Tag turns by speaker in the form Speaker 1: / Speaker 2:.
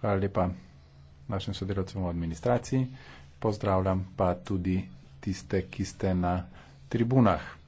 Speaker 1: Hvala lepa našim sodelovcem v administraciji. Pozdravljam pa tudi tiste, ki ste na tribunah.